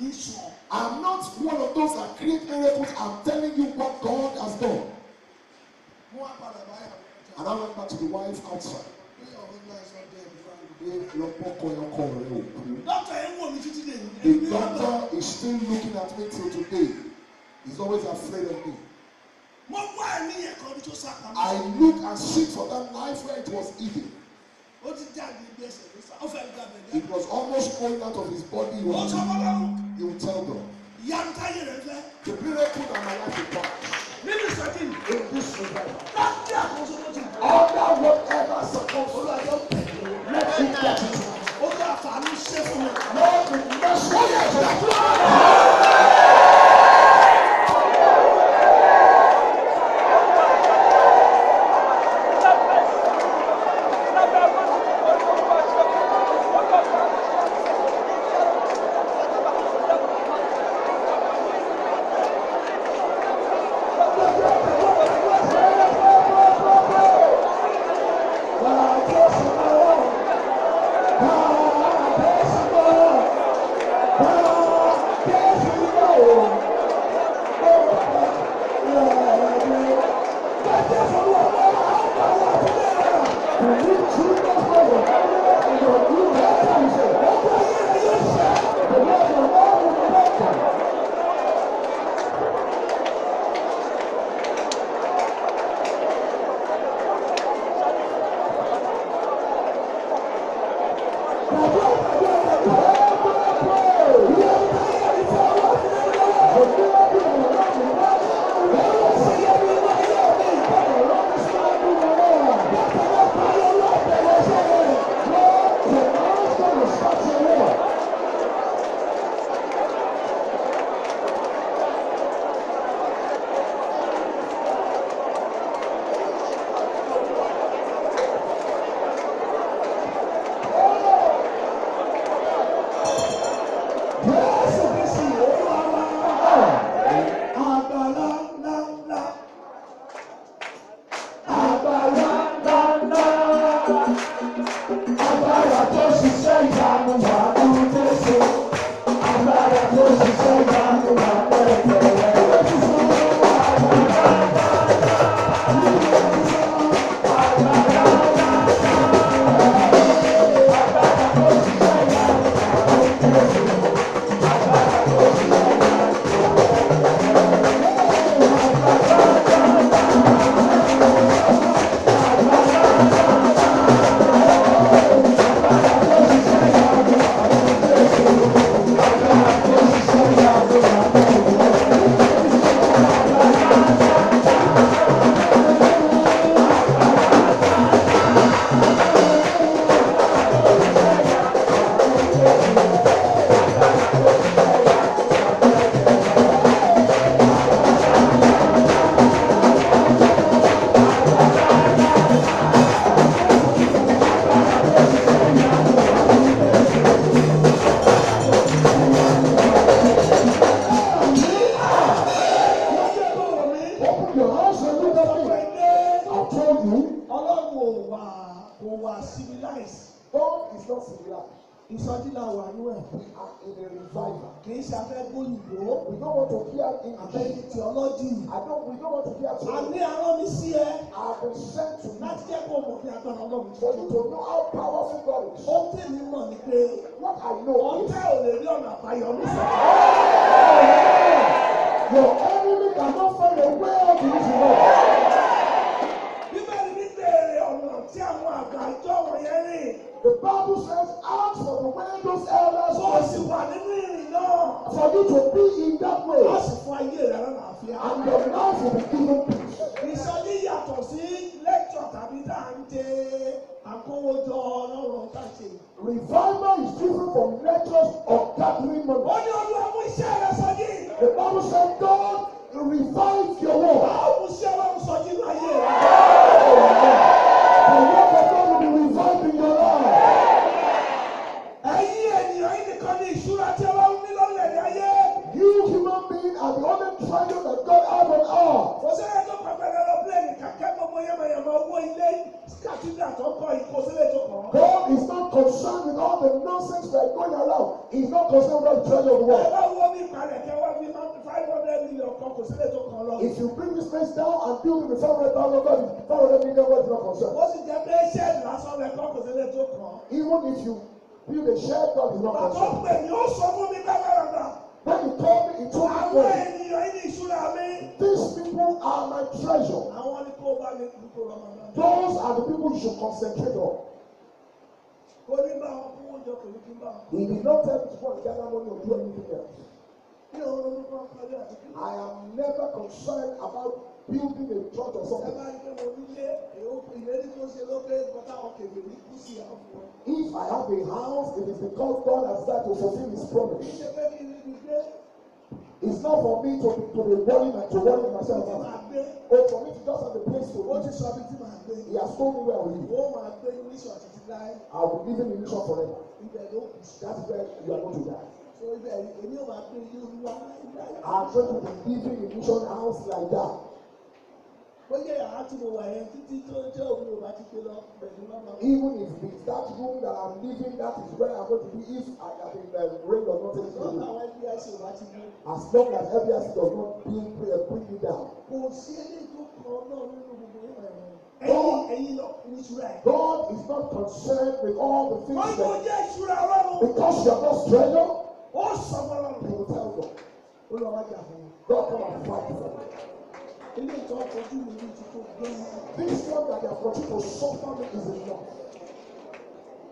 èyí sùn. I'm not one of those that create miracles. I'm telling you what God has done. And I went back to the wife outside. Oh, the doctor is still looking at me till today. He's always afraid of me. I look and seek for that knife where it was hidden. It was almost going out of his body. He will tell God. Yàtá yìí rẹ̀ fẹ́. The miracle that my life is born. Nínú ìṣẹ́kìn. In this survival. Láti àkóso tó ti bọ̀. Under whatever circumstance. Olùwàjọ́ let me get it. Olùwàfà mi ṣe fún mi. Lọ́ọ̀dù mẹ́sàn-án yẹn fẹ́. are civilized God is not civilized ìsọjí náà wà ní are in a revival. kì í ṣàfẹ́ gbóyìnbó. we don't want to hear in abẹ́yẹ theology. I don't we don't want to hear theology. àní arán mi sí ẹ. I been sent to you. láti jẹ́ kó mọ̀ bí agbára ọlọ́run. for you to know how powerful God is. ó tẹ̀ mí mọ̀ ní pé. what I know is. ọ̀tẹ̀ ò lè rí ọ̀nà àbáyọ mi sọ. your enemy cannot find a way out of this world. The Bible says, ask for the way those elders go. Ó sì wà nínú ìrìn náà. For you to be in that way. Ó sì fún ayé rẹ̀ lọ́nà àfíà. And your life will be given peace. Ìsọjí yàtọ̀ sí lẹ́kítọ̀ tàbí dáńté àkówójọ ọlọ́run káṣe. Revival is different from lectures or gathering money. Ó ní olú àwọn iṣẹ́ The Bible says, God revive your world. Báwo ṣe wọ́n sọ́jí láyé face down and deal with the five hundred thousand dollars five hundred million dollars you no concern. ó sì jẹ́ pé ṣẹ́ẹ̀dì lásán rẹ̀ kọ́ kò sí tó kàn. even if you build a share, God is not concerned. bàbá pè ní ó sọ fún mi bẹ́ẹ̀ when you call me it told me well. àwọn ènìyàn ní ìṣúra mi. these people are my treasure. àwọn ni kó bá mi kú kó those are the people you should concentrate on. kò ní bá wọn kú oúnjẹ kò kí n bá wọn. he did not tell me to go and gather money or do anything else. I am never concerned about building a church or something. If I have a house, it is because God has started to fulfill His promise. It's not for me to, to be worrying and to worry myself out. Or oh, for me to just have a place to live. He has told me where I will live. I will live in illusion forever. That's where you are going to die. I'm going to be living in mission house like that. Bóyá yàrá tí mo wà yẹn títí tó jẹ́ òun ò bá ti gbé lọ pẹ̀lú lọ́nà. Even if it's that room that I'm living that is where I'm going to be if I am in the rain or not. As long as FBS ò bá ti mú. As long as FBS does not bring prayer bring you down. Kò sí eléyìí tó kọ náà nínú gbogbo ìwà ẹ̀wọ̀n. Ẹyin ẹyin lọ ní ìṣúra ẹ̀. God is not concerned with all the things that. Wọ́n kò jẹ́ ìṣúra Ọlọ́run. Because you are not treasure ó sọmọlọ lòun tẹ ọ lọ ó lọ wá jà fún dọkọ àfọ àfọ ilé ìtọ́ ọ̀fọ̀jú mi ní ìtútù gbẹ́mí this one that you are going to suffer me is enough.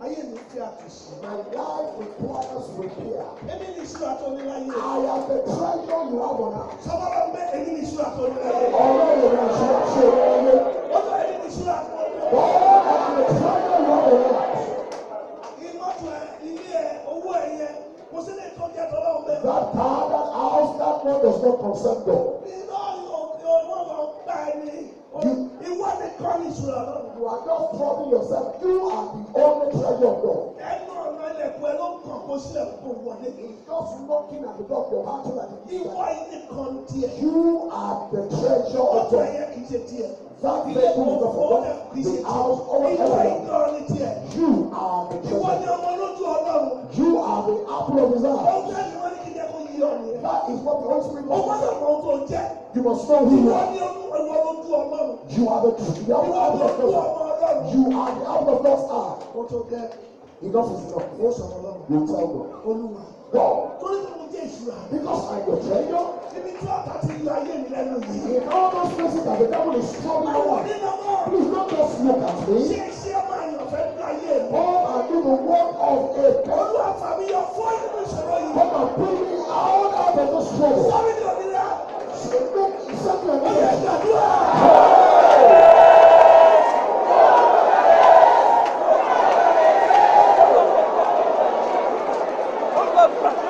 Ayé mi fi àtúnṣe. My life requires repair. Èmi ní ìṣúra tó ní láyé. I am the treasure you have on earth. Sọ́kọ́lá ń bẹ èmi ní ìṣúra tó ní láyé. Ọlọ́run ìrìn àṣọ àṣọ ìrìn ayé. Ó sọ èmi ní ìṣúra tó ní láyé. matter that house that one does not concern God. You, you are the You are just troubling yourself. You are the only treasure of God. just knocking at the door of your heart like. You are the treasure of God. That is the house of God. You are the treasure. You are the apple of his eye ayé ọ̀run. That is what the Holy Spirit wants. Ó gbọ́dọ̀ mọ ohun tó ń jẹ́. You must know who you are. Ìwọ ni olúwa ló dún ọmọ rẹ̀. You are the truth. You are the out of God. You are the out of God's eye. Ó tó gẹ́. Enough is enough. Ó sọ̀rọ̀ lọ́wọ́. You tell God. Olúwa. God. Torí mo jẹ́ ìṣura. Because I am your treasure. Ibi tí ọ̀tá ti lu ayé mi lẹ́nu yìí. In all those places that the devil is struggling over. Please don't just look at me. Ṣé ṣé máa yàn fẹ́ lu ayé mi? All I do the work of a God. Olúwa fàmí yọ fún ìṣòro yìí. Come and bring me all that they go struggle. Should make something of it. Thank you.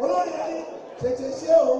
Olórí ayé tètè ṣe o.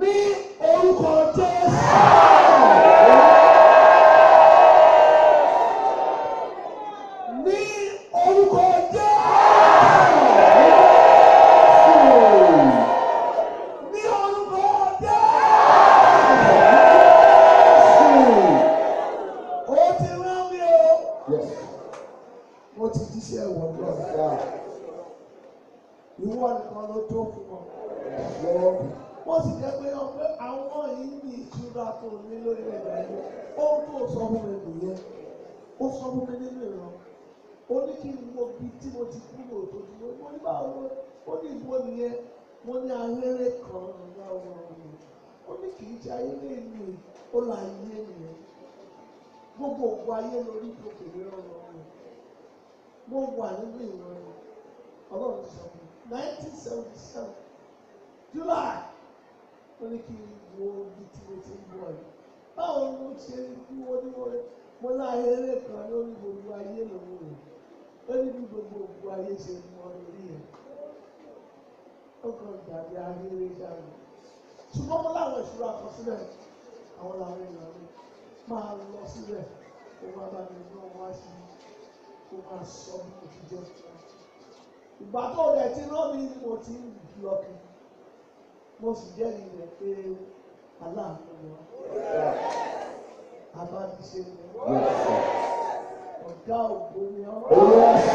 ní orúkọ Jésù. agbára tó ní lórí ẹ̀rọ ayé ohun tó sọ fún mi nìyẹn ó sọ fún mi nínú ìran ó ní kí n wo bí tí mo ti kúrò tó ti wọ́n mo ní báwo ó ní ìwọ nìyẹn mo ní ahéré kan nínú àwọn ó ní kì í ṣe ayé lè mi ó là ayé nìyẹn gbogbo òkú ayé lórí ìdókè lórí ọ̀rọ̀ rẹ̀ mo wà nínú ìran ọlọ́run sọ fún mi nineteen seventy seven July ó ní kí n wo ibi tí mo ti ń bọ̀ yìí báwo ni mo ṣe ń kú oníwọ̀n mo láàyè eré kan lórí gbogbo ayé lòun rè ó ní bí gbogbo òkú ayé ṣe ń mọ lórí rẹ̀ ó kàn dàbí ayéré jáde ṣùgbọ́n mo láwọn ìṣúra kan sílẹ̀ àwọn làwọn èèyàn mi máa lọ sílẹ̀ kó máa bá mi gbọ́ wá sí i kó máa sọ bí mo ti jẹ́ ìgbà tó rẹ̀ ti rán mi mo ti ń lọ kiri mo sì jẹ́rìí rẹ̀ pé aláàánú ni wọ́n. Àbá ti ṣe ni. Ọ̀gá ògbó ni ọ̀rọ̀.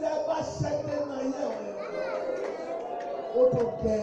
tẹ́ bá ṣẹ́gbẹ́ náà yẹ̀ wọ́n ó tó gẹ́.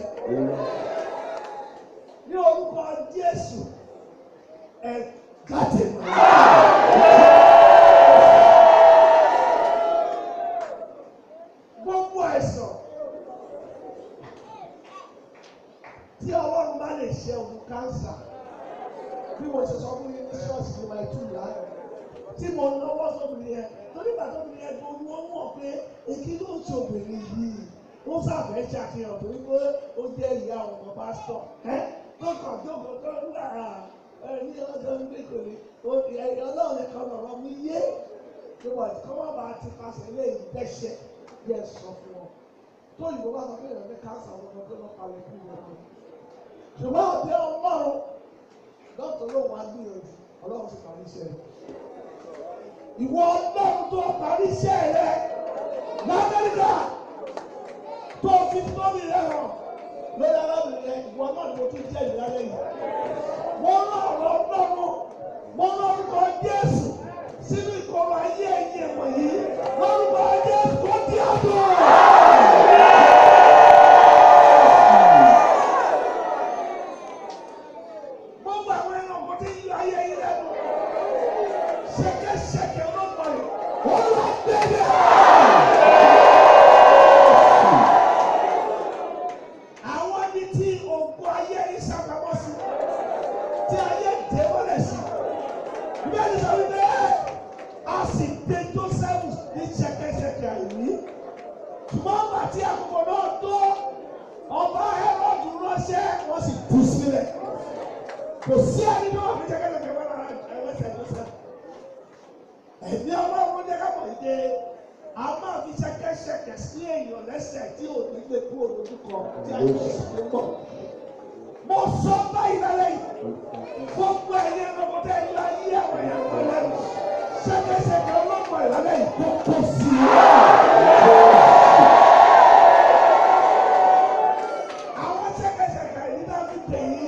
Amen.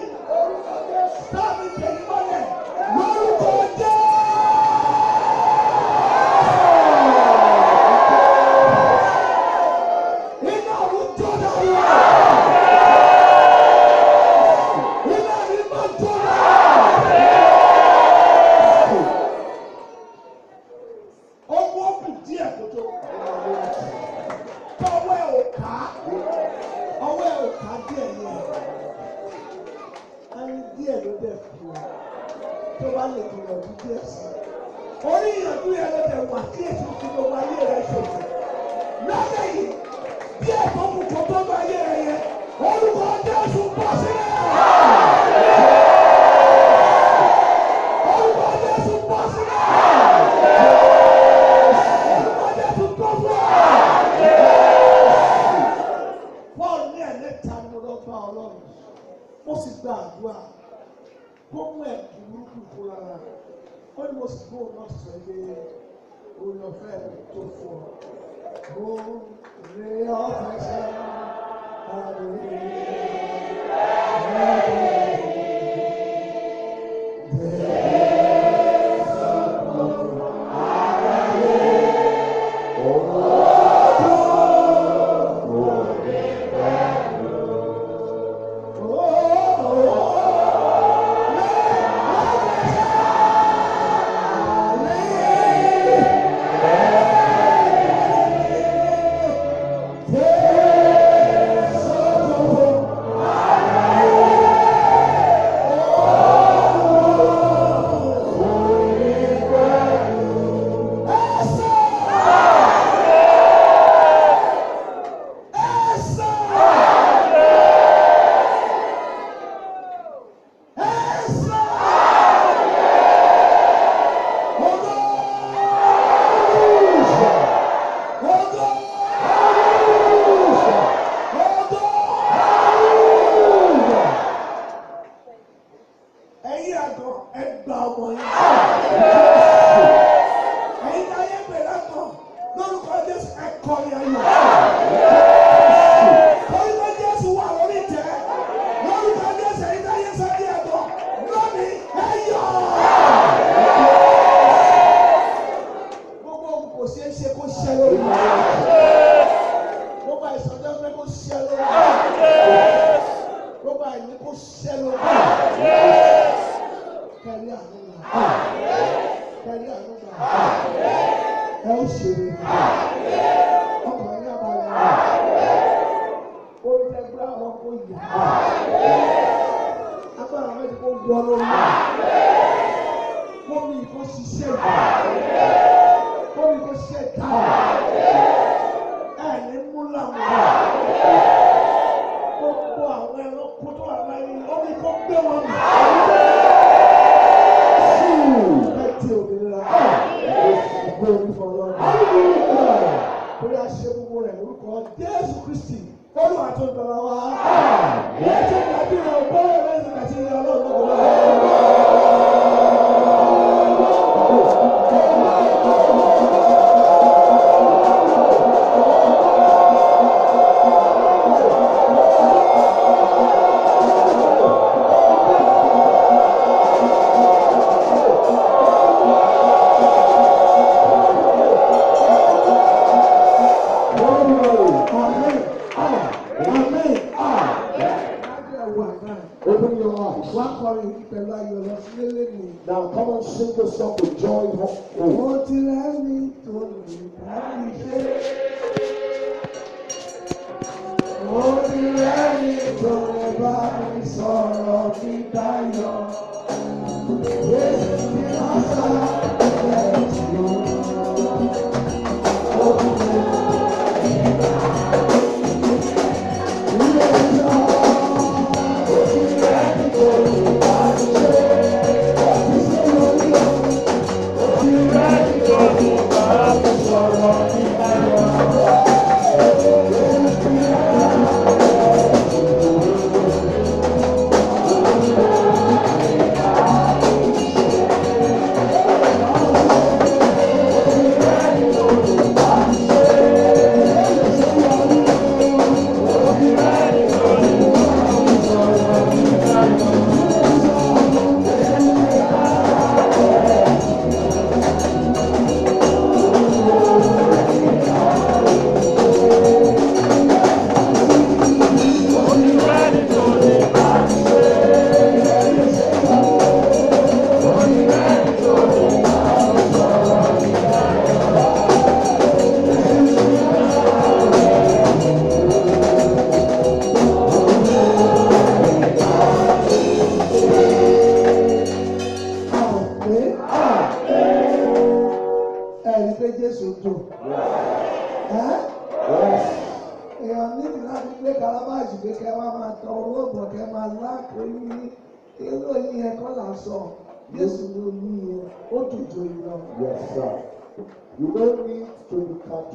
Yeah,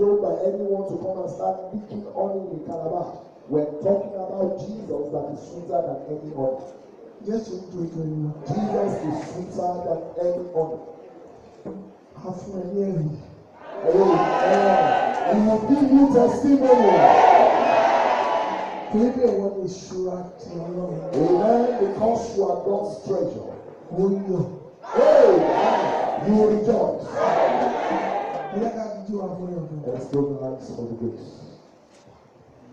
told by anyone to come and start picking honey in Calabar. We're talking about Jesus that is sweeter than any other. Yes, we do it very Jesus is sweeter than any other. honey. Amen. Amen. And will give you testimony. Maybe I want to shrug to Amen. Because you are God's treasure. Will you? Hey, you will rejoice and strong hands for the grace.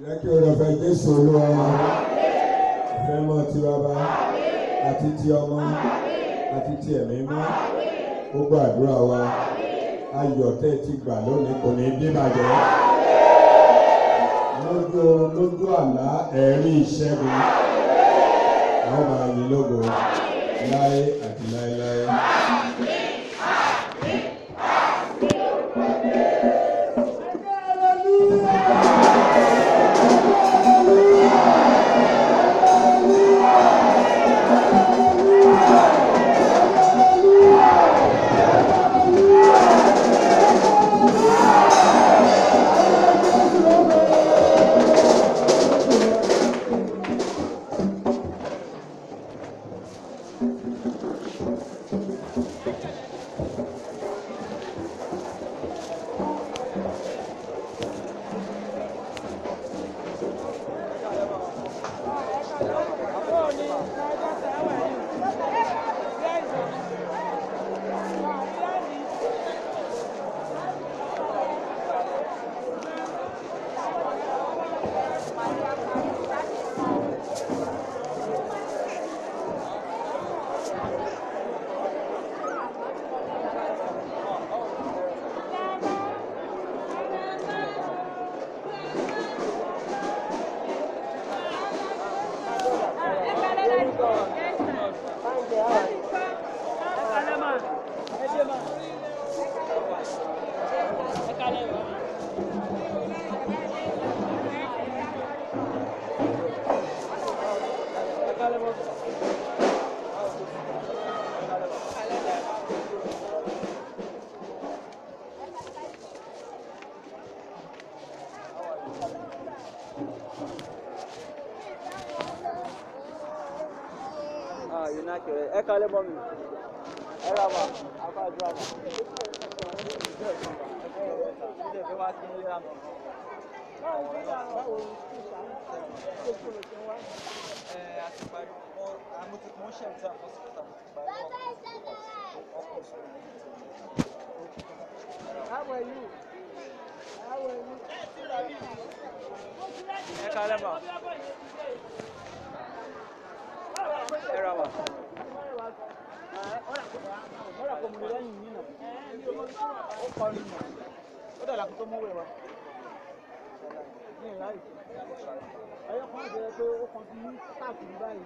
Ìrẹ́kẹ́ ọ̀dọ̀fẹ́ Jésù Olúwa fẹ́mọ̀ ti bàbá àti ti ọmọ àti ti ẹ̀mí mọ́ gbogbo àdúrà wa ayọ̀ tẹ́ ti gbà lónìí kò ní bíbàjẹ́ lójú lójú àlá ẹ̀rí ìṣẹ́gun àwọn máa yin lógo láé àti láéláé. kẹrẹ ẹ kalẹ mọ mi ẹ ra wa afa ju ama ilé ìfẹ́ wa ti ń lé àná. báwo ni báwo ni ṣe ṣàkóso ṣe wá. ẹ a ti parí. I moet het mooi zijn zelf als ik dat moet bij. Papa is dat How are you? How are you? Ẹ kálẹ́ ma. Ẹ ra ma. Ọ̀rọ̀ kò mú mi lẹ́yìn yín náà. Ó kọ́ ni mà. Ó dàgbà kó tó mú wẹ̀ wá. Ní ìlà yìí. Ẹyẹ kan jẹ́ pé ó kàn sí káàkiri báyìí.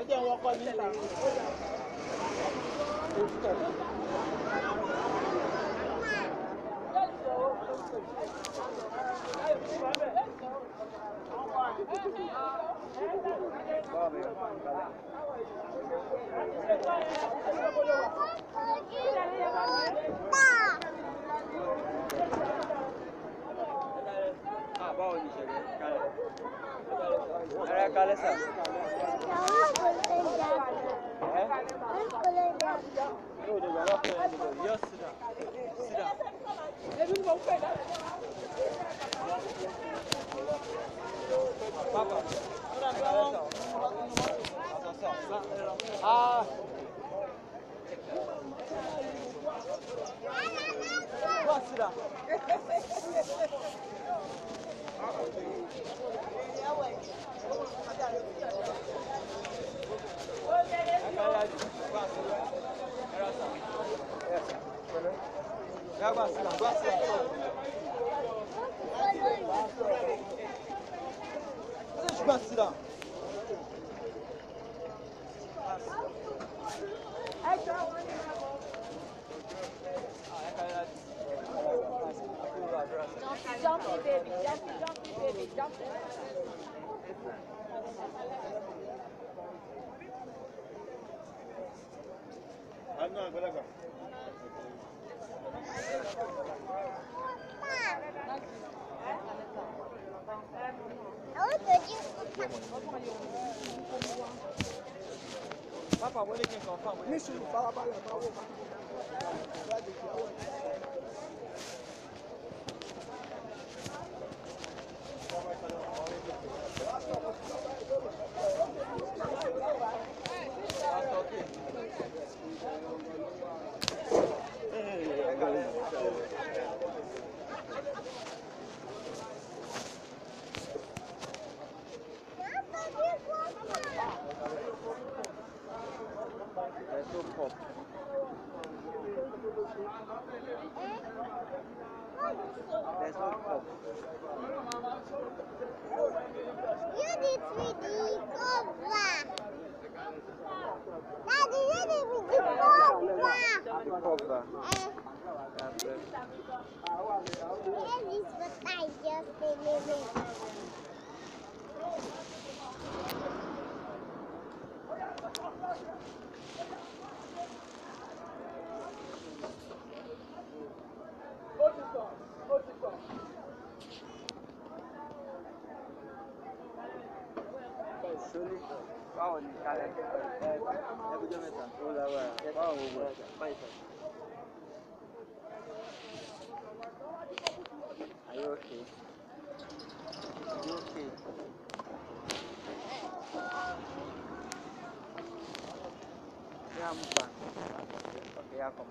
ẹ Bye. Ah, báwo ni ìṣẹ̀lẹ̀ kalẹ̀. Ẹ̀rẹ́ kalẹ̀ sà. No, they were not playing anymore. Just sit down. Sit down. Papa. Ah. Go sit down. Bastıran. Mexi, fala balé, mal, gampang. Tapi aku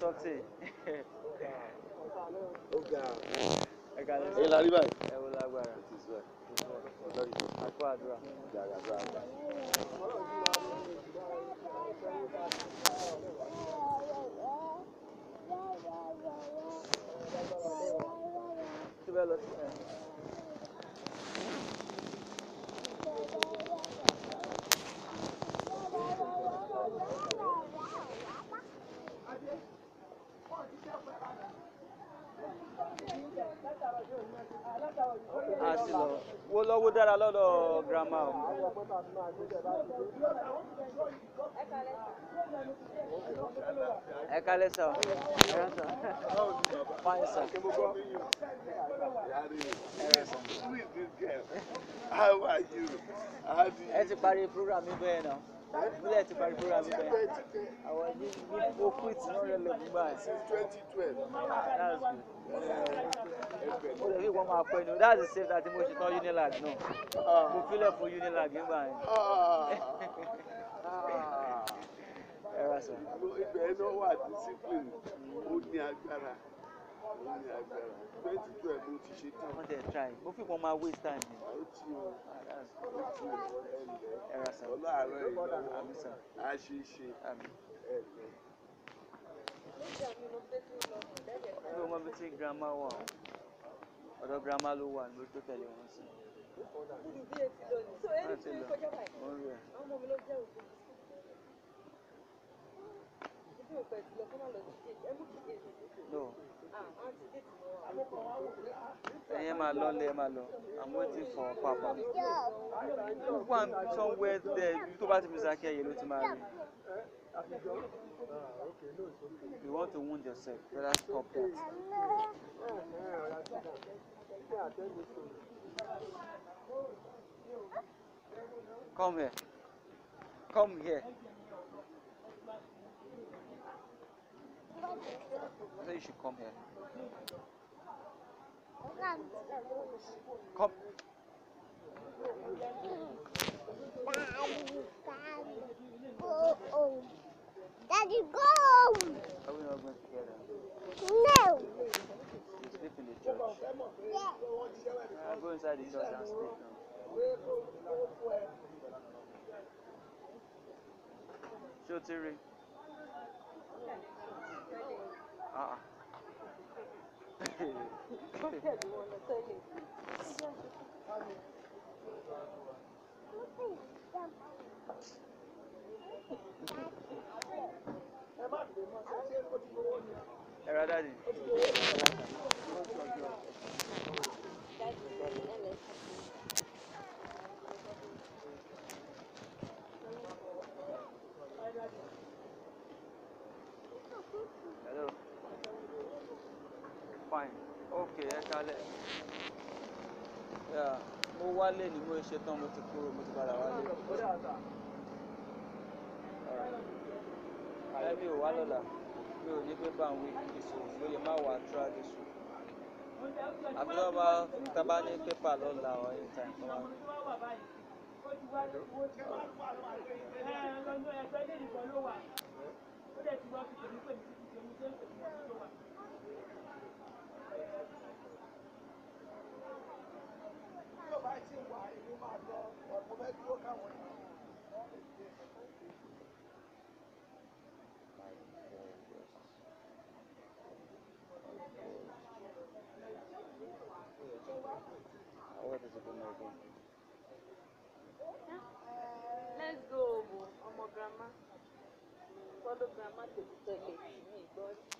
sọ́ọ̀tì. ó ga. ẹ ga lọ sí. èyí la rí báyìí. ẹ wo lágbára. Se tiver a sì lọ wo lọ́wọ́ dára lọ́dọ̀ girama o. ẹ kálẹ́ sọ ẹ rán sọ fine sọ. ẹ ti parí program mi bẹ́ẹ̀ náà ìpínlẹ̀ ti parí program bẹ́ẹ̀ àwọn ní okwit náà rẹ̀ lọ gbígbà sí. twenty twelve. that's good. o lè rí ìwọ́n máa pẹ́ ni o that's the safe that mo ṣe tán unilag náà mo fílẹ̀ fún unilag nígbà yẹn. Ah. ẹ̀rọ sọ. ibẹ̀ náà wà discipline ó ní agbára twenty twelve ló try ó fi wọn máa waste time ni. ó ti o ah, ó ti o ẹ̀rọ sàn. ọlọ́àárọ̀ ìlú grandma wà o ọ̀dọ̀ grandma ló wà lórí tó tẹ̀lé wọn sí. no. Ẹyẹ máa lọ lẹ máa lọ. I'm waiting for papa. One, am somewhere there ibi tó bá ti fi sáké ẹyẹ ló ti máa rí. You want to wound yourself, better stop that. Come here. Come here. I you should come here. Come. Daddy, go! Are we not going together? No! You sleep in the church? Yeah. Uh, go inside the church and sleep now. Show Terry. Okay. ẹ ra dáàdi. Thank fine ok ẹ kalẹ̀ mo wálé ni mo ṣe tán mo ti kúrò mo ti padà wálé ẹ mi ò wá lọ́la mi ò ní pépà ń wí ìṣòwò mo lè má wà á tura ìṣòwò àfi tó bá tó bá ní pépà lọ́la or anytime tó bá. Thank you. do Gramador, do Guerrinho, do